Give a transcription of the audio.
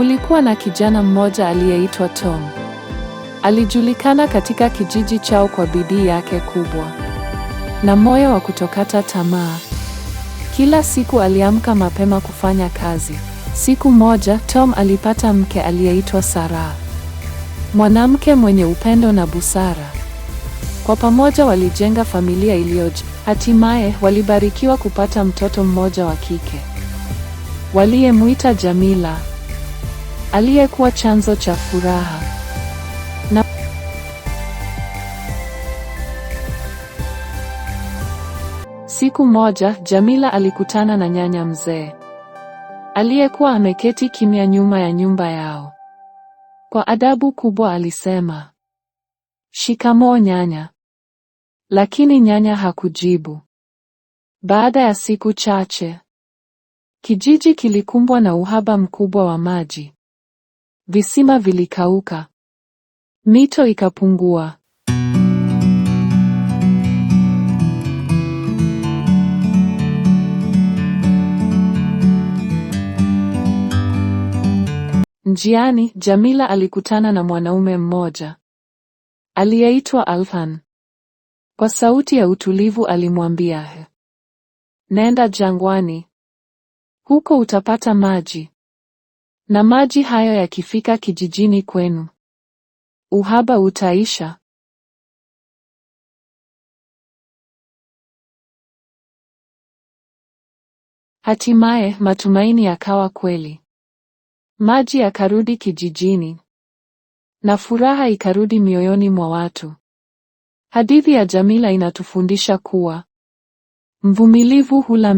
Kulikuwa na kijana mmoja aliyeitwa Tom. Alijulikana katika kijiji chao kwa bidii yake kubwa na moyo wa kutokata tamaa. Kila siku aliamka mapema kufanya kazi. Siku moja, Tom alipata mke aliyeitwa Sara, mwanamke mwenye upendo na busara. Kwa pamoja walijenga familia iliyoje. Hatimaye walibarikiwa kupata mtoto mmoja wa kike waliyemwita Jamila aliyekuwa chanzo cha furaha na siku moja Jamila alikutana na nyanya mzee aliyekuwa ameketi kimya nyuma ya nyumba yao. Kwa adabu kubwa alisema, Shikamoo nyanya. Lakini nyanya hakujibu. Baada ya siku chache, kijiji kilikumbwa na uhaba mkubwa wa maji visima vilikauka, mito ikapungua. Njiani, Jamila alikutana na mwanaume mmoja aliyeitwa alfan Kwa sauti ya utulivu alimwambia, nenda jangwani, huko utapata maji na maji hayo yakifika kijijini kwenu, uhaba utaisha. Hatimaye matumaini yakawa kweli. Maji yakarudi kijijini na furaha ikarudi mioyoni mwa watu. Hadithi ya Jamila inatufundisha kuwa mvumilivu hula